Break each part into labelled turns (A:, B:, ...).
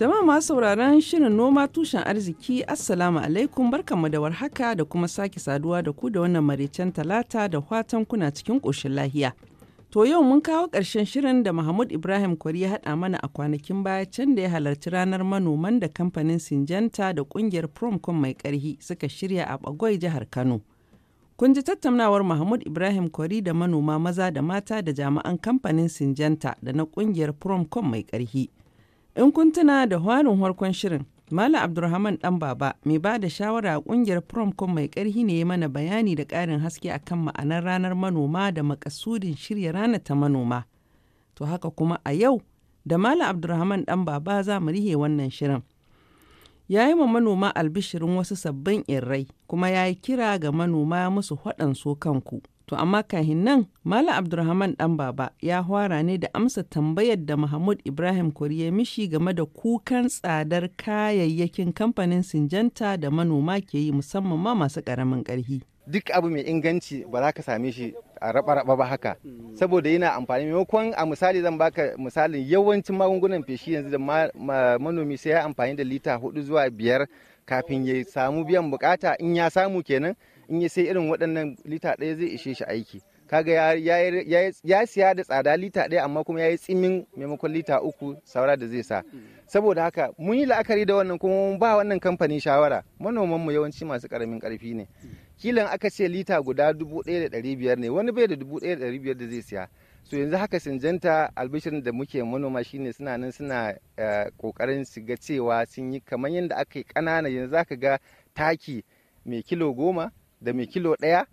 A: Jama'a masu sauraron shirin noma tushen arziki Assalamu alaikum barkanmu da warhaka da kuma sake saduwa da ku da wannan maricen talata da watan kuna cikin ƙoshin lahiya. To yau mun kawo ƙarshen shirin da Mahmud Ibrahim Kwari ya haɗa mana a kwanakin baya can da ya halarci ranar manoman da kamfanin Sinjanta da ƙungiyar Promcom mai ƙarhi suka shirya a Bagwai jihar Kano. Kun ji tattaunawar Mahmud Ibrahim Kwari da manoma maza da mata da jami'an kamfanin Sinjanta da na ƙungiyar Promcom mai ƙarhi. In kun tuna da hwarin harkon shirin, Malam Abdulrahman dan baba mai ba da shawara a kungiyar Promcom mai karhi ne mana bayani da ƙarin haske akan ma'anar ranar manoma da makasudin shirya ranar ta manoma. To haka kuma a yau da Malam Abdulrahman dan baba za mu rihe wannan shirin. Ya yi ma manoma albishirin wasu sabbin irrai kuma ya yi kira ga manoma musu so kanku To amma kahin nan Malam Abdulrahman dan baba ya fara ne da amsa tambayar da Mahmud Ibrahim Kuri ya mishi game da kukan tsadar kayayyakin kamfanin Sinjanta da manoma ke yi musamman ma masu karamin karfi
B: Duk abu mai inganci ba za ka same shi a raba-raba ba haka saboda yana amfani maimakon a misali zan baka misalin yawancin magungunan feshi yanzu da manomi sai ya amfani da lita hudu zuwa biyar kafin ya samu biyan bukata in ya samu kenan in ya sai irin waɗannan lita ɗaya zai ishe shi aiki kaga ya siya da tsada lita ɗaya amma kuma ya yi tsimin maimakon lita uku saura da zai sa saboda haka mun yi la'akari da wannan kuma mun ba wannan kamfanin shawara manoman mu yawanci masu karamin karfi ne kilan aka ce lita guda dubu ɗaya da ɗari biyar ne wani bai da dubu ɗaya da ɗari biyar da zai siya so yanzu haka sinjanta albishirin da muke manoma shine suna nan suna kokarin eh, su ga cewa sun yi kamar yadda aka yi ƙanana yanzu zaka ga taki mai kilo goma da mai kilo ɗaya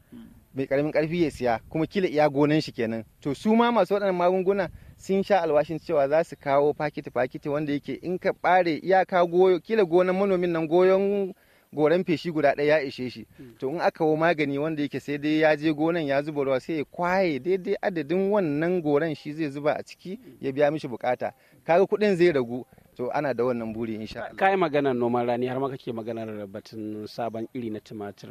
B: mai karamin karfi ya siya kuma kila iya gonan shi kenan to su ma masu waɗannan magunguna sun sha alwashin cewa za su kawo fakiti fakiti wanda yake in ka bare iyaka goyo kila gonan manomin nan goyon goran feshi guda ɗaya ya ishe shi mm. to in aka wo magani wanda yake sai dai ya je gonan ya zuba ruwa sai ya kwaye daidai adadin wannan goran shi zai zuba a ciki ya biya mishi bukata kaga kuɗin zai ragu to ana da wannan buri insha Allah kai maganar noman rani har ma kake maganar
C: batun sabon iri na tumatir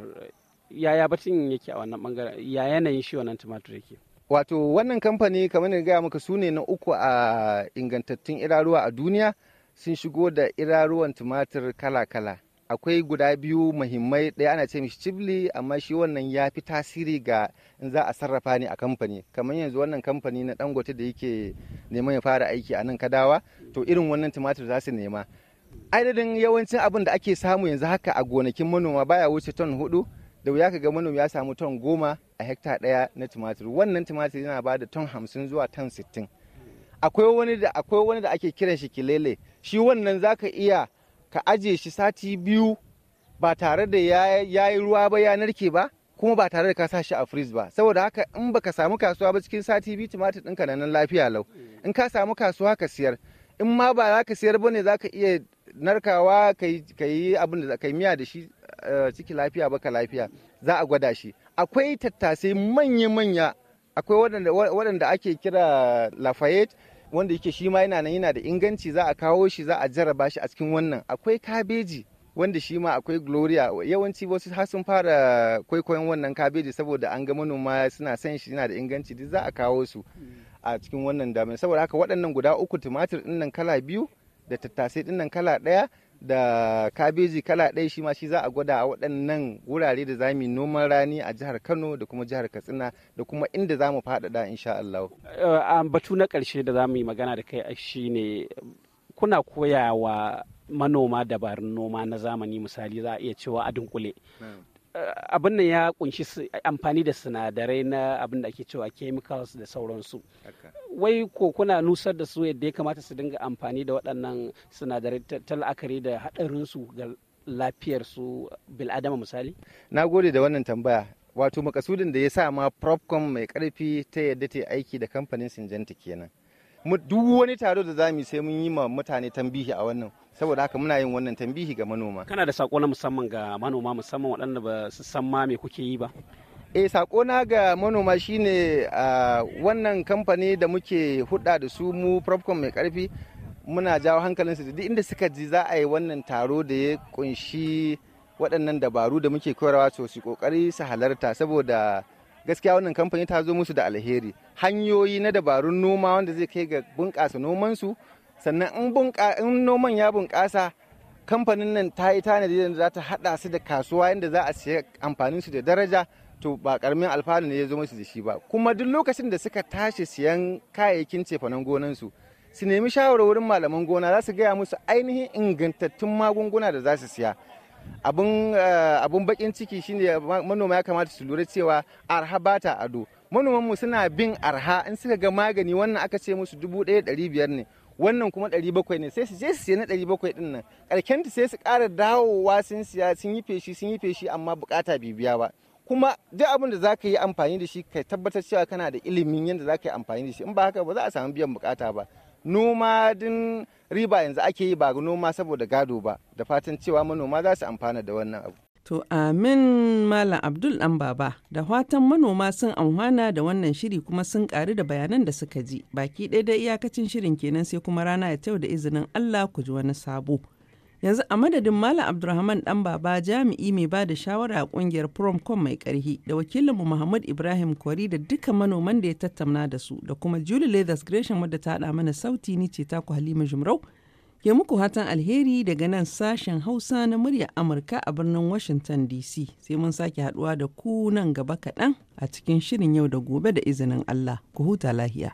C: yaya batun yake a wannan bangare ya yanayin shi wannan tumatur yake
B: wato wannan kamfani kamar da gaya maka sune na uku a ingantattun iraruwa a duniya sun shigo da iraruwan tumatir kala-kala akwai guda biyu muhimmai ɗaya ana ce mishi cibli amma shi wannan ya fi tasiri ga in za a sarrafa ne a kamfani kamar yanzu wannan kamfani na dangote da yake neman ya fara aiki a nan kadawa to irin wannan tumatir za su nema adadin yawancin abin da ake samu yanzu haka a gonakin manoma baya wuce ton hudu da wuya ka ga manomi ya samu ton goma a hekta ɗaya na tumatir wannan tumatir yana ba da ton hamsin zuwa ton sittin akwai wani da akwai wani da ake kiran shi kilele shi wannan zaka iya ka ajiye shi sati biyu ba tare da ya yi ruwa ba ya narke ba kuma ba tare da ka sa shi a freeze ba saboda haka in baka samu kasuwa ba cikin sati biyu tumatir ɗinka na nan lafiya lau in ka samu kasuwa ka siyar in ma ba za ka siyar ba ne za ka iya narkawa ka yi abin da ka yi miya da shi Eh, ciki lafiya baka lafiya za a gwada shi akwai tattasai manya-manya akwai waɗanda ake kira lafayette wanda yake shi ma yana nan yana da inganci za a kawo shi za a jarraba shi a cikin wannan akwai kabeji wanda shi ma akwai gloria yawanci wasu har sun fara kwaikwayon wannan kabeji saboda an ga manoma suna san shi yana da inganci duk za a kawo su a cikin wannan damin saboda haka waɗannan guda uku tumatir ɗinnan kala biyu da tattasai ɗinnan kala ɗaya da kabeji kala ɗaya shi ma shi za a gwada a waɗannan wurare da za mu noman rani a jihar Kano da kuma jihar Katsina da kuma inda za mu faɗaɗa insha Allah.
C: Eh, batu na ƙarshe da za mu yi magana da kai shi ne kuna koyawa manoma dabarun noma na zamani misali za a iya cewa a dunkule abin nan ya kunshi amfani da sinadarai na abin da ake cewa chemicals da sauransu wai ko kuna nusar da su yadda ya kamata su dinga amfani da waɗannan sinadarai ta la'akari da haɗarin su ga lafiyar su bil'adama
B: misali na gode da wannan tambaya wato makasudin da ya sa ma propcom mai karfi ta yadda ta aiki da kamfanin sinjanta kenan duk wani taro da za mu sai mun yi ma mutane tambihi a wannan saboda haka muna yin wannan tambihi ga manoma kana da sako na musamman ga manoma musamman waɗanda ba su san ma me kuke yi ba eh sako na ga manoma shine wannan kamfani da muke huɗa da su mu propcom mai karfi muna jawo hankalinsu da duk inda suka ji za a yi wannan taro da ya kunshi waɗannan dabaru da muke koyarwa to su kokari su halarta saboda gaskiya wannan kamfani ta zo musu da alheri hanyoyi na dabarun noma wanda zai kai ga bunƙasa nomansu sannan in in noman ya bunƙasa kamfanin nan ta yi tanadi da za ta haɗa su da kasuwa yadda za a siya amfanin su da daraja to ba karamin alfanu ne ya zo musu da shi ba kuma duk lokacin da suka tashi siyan kayayyakin cefanen gonansu su nemi shawarwarin malaman gona za su gaya musu ainihin ingantattun magunguna da za su siya abun eh, bakin ciki shine manoma ya kamata su lura cewa arha bata ado manoman mu suna bin arha in suka ga magani wannan aka ce musu dubu ɗaya ɗari biyar ne wannan kuma ɗari bakwai ne sai su je su siya na ɗari bakwai ɗin nan ƙarkenta sai su ƙara dawowa sun siya sun yi feshi sun yi feshi amma buƙata bai biya ba kuma duk abin da zaka yi amfani da shi ka tabbatar cewa kana da ilimin yadda zaka yi amfani da shi in ba haka ba za a samu biyan bukata ba noma din riba yanzu ake yi ba noma saboda gado ba da fatan cewa manoma za su amfana da wannan abu
A: To amin Malam Abdul ɗan baba da fatan manoma sun amfana da wannan shiri kuma sun ƙaru da bayanan da suka ji. Baki ɗaya da iyakacin shirin kenan sai kuma rana ya tau da izinin Allah ku ji wani sabo. Yanzu a madadin Malam Abdulrahman ɗan baba jami'i mai ba da shawara a ƙungiyar Promcom mai ƙarhi da wakilinmu Muhammad Ibrahim Kwari da duka manoman da ya tattauna da su da kuma Julie Leathers Gresham wadda ta haɗa mana sauti ni ce ta ku Halima Jumrau. Ke muku hatan alheri daga nan sashen Hausa na muryar Amurka a birnin Washington DC. Sai mun sake haduwa da ku nan gaba kaɗan a cikin shirin yau da gobe da izinin Allah. Ku huta lahiya.